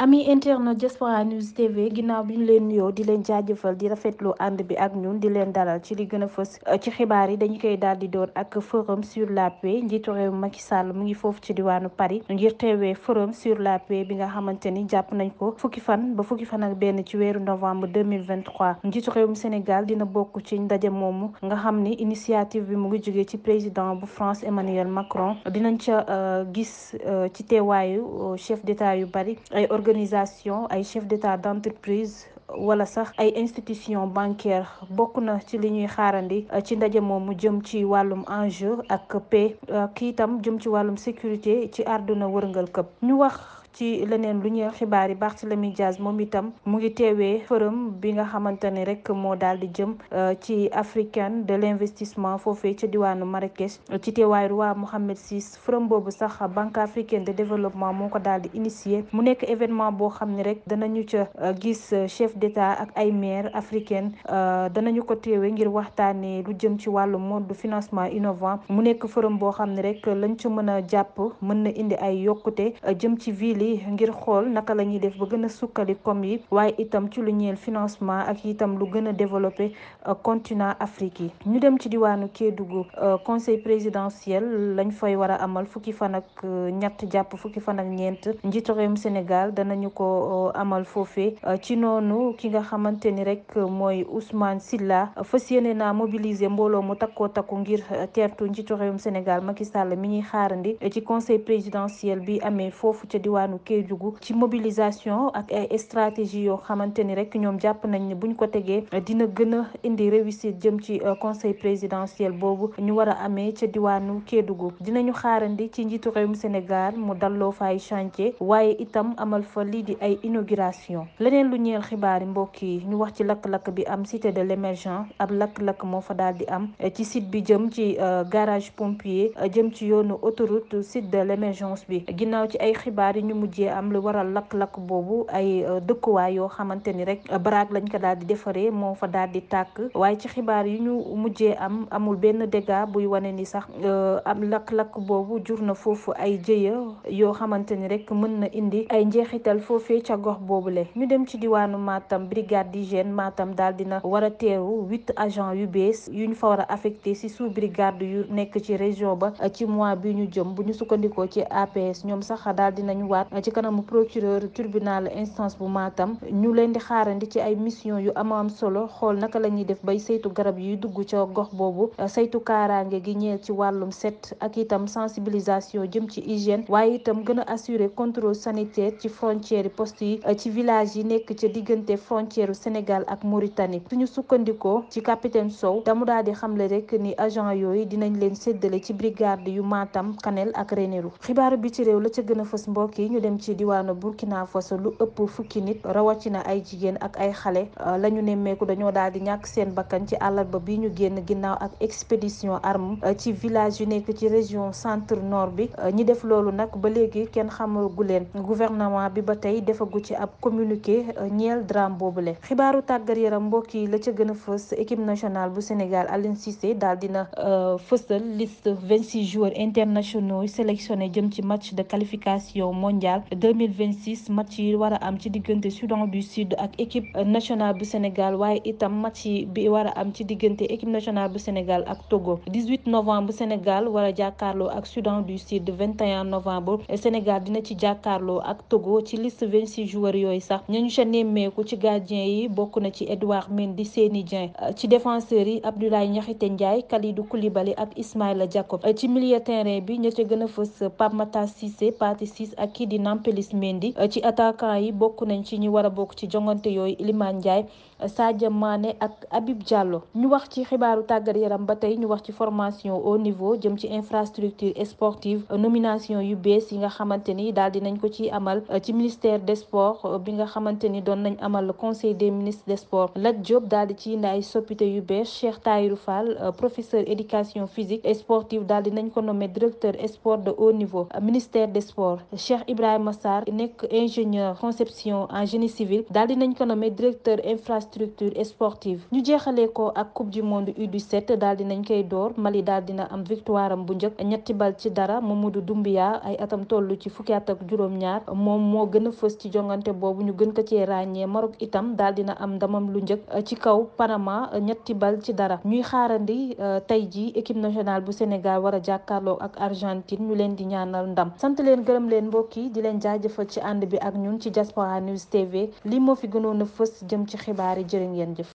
ami internet Diaspora News TV ginaaw bi ñu leen nuyoo di leen jaajëfal di rafetlu ànd bi ak ñun di leen dalal ci li gën a fës euh, ci xibaar yi dañu koy daal di door ak forum sur la paix njiitu réew Macky Sall mu ngi foofu ci diwaanu Paris ngir teewee forum sur la paix bi nga xamante ni jàpp nañ ko fukki fan ba fukki fan ak benn ci weeru novembre 2023 njiitu réewum Sénégal dina bokk ci ndaje moomu nga xam ni initiative bi mu ngi jógee ci président bu France Emmanuel Macron dinañ ca euh, gis euh, ci teewaayu chef d'état yu bari organisation ay chef d'état d'entreprise wala sax ay institution bancaire bokk na ci li ñuy xaarandi euh, ci ndaje moomu jëm ci wàllum enjeu ak paix euh, jëm ci sécurité ci wërngal ñu wax ci leneen lu ñeel xibaar yi baax Barthélemy Diaz moom itam mu ngi teewee fërëm bi nga xamante ne rek moo daal di jëm euh, ci africaine de l'investissement foofee ci diwaanu Marrakech ci teewaayu roi Mohammed VI forum boobu sax banque africaine de développement moo ko daal di initié mu nekk événement boo xam ne rek danañu ca euh, gis euh, chef d'état ak ay maire africaine danañu ko teewee ngir waxtaanee lu jëm ci wàllu mode de financement innovant mu nekk forum boo xam ne rek lañ ca mën a jàpp mën na indi ay yokkute jëm ci ville lii ngir xool naka la ñuy def ba gën a sukkali comme yi waaye itam ci lu ñeel financement ak itam lu gën a développé euh, continent Afrique yi ñu dem ci diwaanu Kédougou euh, conseil présidentiel lañ fay war a amal fukki fan ak euh, ñett jàpp fukki fan ak ñeent njiitu Sénégal danañu ko amal foofee ci noonu ki nga xamante ni rek mooy Ousmane Silla fas yéene naa mobiliser mbooloo mu takkoo takku ngir teertu njiitu réewum Sénégal Macky mi ñuy xaarandi ci conseil présidentiel bi amee foofu ca diwaanu diwaanu ci mobilisation ak ay stratégie yoo xamante rek ñoom jàpp nañ buñ ko dina indi euh, conseil présidentiel boobu ñu war a amee ca diwaanu dinañu xaarandi ci njiitu réewum Sénégal mu dalloo chantier itam amal fa di ay inauguration leneen lu ñeel xibaari mbokk yi ñu wax ci am cité de l'émergence ab fa am euh, ci site bi jëm euh, garage pompier jëm ci autoroute site de l'émergence bi ci mujjee am lu waral lakk-lakk boobu ay euh, dëkkuwaay yoo xamante ni rek baraag lañ ko daal di defaree moo fa daal di tàkk waaye ci xibaar yu ñu mujjee am amul benn dégât buy wane ni sax euh, am lakk-lakk boobu jur na foofu ay jëya yoo xamante ni rek mën na indi ay njeexital foofee ca gox boobu le ñu dem ci diwaanu Matam brigade d'hygiène Matam daal dina war a teeru huit agents yu bees yu ñu fa war a affecté si sous brigade yu nekk ci région ba ci mois bi ñu jëm bu ci APS ci kanamu procureur tribunal instance bu Matam ñu leen di xaarandi ci ay mission yu am am solo xol naka lañuy def bay saytu garab yu dugg ci gox bobu saytu karange gi ñeel ci walum set ak itam sensibilisation jëm ci hygiène waye itam gëna assurer contrôle sanitaire ci frontière poste yi ci village yi nekk ci digënté frontière Sénégal ak Mauritanie suñu sukkandiko ci capitaine Sow damu daal di xamle rek ni agent yooyu dinañ leen séddale ci brigade yu Matam Kanel ak Ranérou xibaaru bi ci réew la ca gëna fës mbokk yi ñu dem ci diwaanu Burkina Faso lu ëpp fukki nit rawatina ay jigéen ak ay xale euh, la ñu nemmeeku dañoo daal di ñàkk seen bakkan ci àllarba bi ñu génn ginnaaw ak expédition arme euh, ci village yu nekk ci région centre nord bi euh, ñi def loolu nag ba léegi kenn xamagu leen gouvernement bi ba tey defagu ci ab communiqué ñeel drame boobule xibaaru tàggat yaram mbokk yi la ca gën a fës équipe nationale bu Sénégal Aliou Cissé daal dina fësal liste vingt six joueurs internationaux sélectionnés jëm ci 2026 match yi un am ci Soudan du Sud ak équipe nationale du Sénégal waye itam match yi bi wara am ci équipe nationale du Sénégal ak Togo 18 novembre Sénégal wara a ak Soudan du Sud 21 novembre Sénégal dina ci jàkkaarloo ak Togo ci liste 26 joueurs yoy sax ñañu némé ko ci gardien yi bokku na ci Edouard Mendy Seny Dieng ci défenseur yi Abdoulaye Niakhité Ndiaye Kalidou Koulibaly ak Ismaïla Jacob ci milieu terrain bi ñu ci gëna a Pape Matar Cissé ak Nampelis Mendy eh, ci attaquant yi bokku nañ ci ñu wara bok ci jongante yoy Iliman Ndiaye eh, Sadio Mané ak Habib Diallo ñu wax ci xibaaru tàggat yaram batay ñu wax ci formation au niveau jëm ci infrastructure sportive eh, nomination yu bes yi nga xamanteni dal dinañ ko ci amal ci ministère des sports bi nga xamanteni don nañ amal conseil des ministres des sports la job dal di ci nday soppite yu bes Cheikh Tahirou Fall professeur éducation physique et sportive daal dinañ ko nommé directeur sport de haut niveau ministère des sports Cheikh Ibrahima Ibrahima Sarr ingénieur conception en génie civil dal di nañ ko nommé directeur infrastructure sportive ñu jéxalé ko ak coupe du monde U17 dal di nañ koy door Mali dal dina am victoire am bu njëkk ñetti bal ci dara Mamadou Doumbia ay atam tollu ci fukki at ak juroom ñaar Mom mo gëna de ci jonganté bobu ñu gën ko ci rañé Maroc itam daal dina am ndamam lu njëkk euh, ci kaw Panama euh, ñetti bal ci dara ñuy xaarandi euh, tay ji équipe nationale bu Sénégal wara a ak Argentine ñu leen di ñaanal ndam sant leen gërëm leen mbokk di leen jaajëfal ci ànd bi ak ñun ci Diaspora News TV lii moo fi gënoon a fës jëm ci xibaar yi jërë ngeen jëf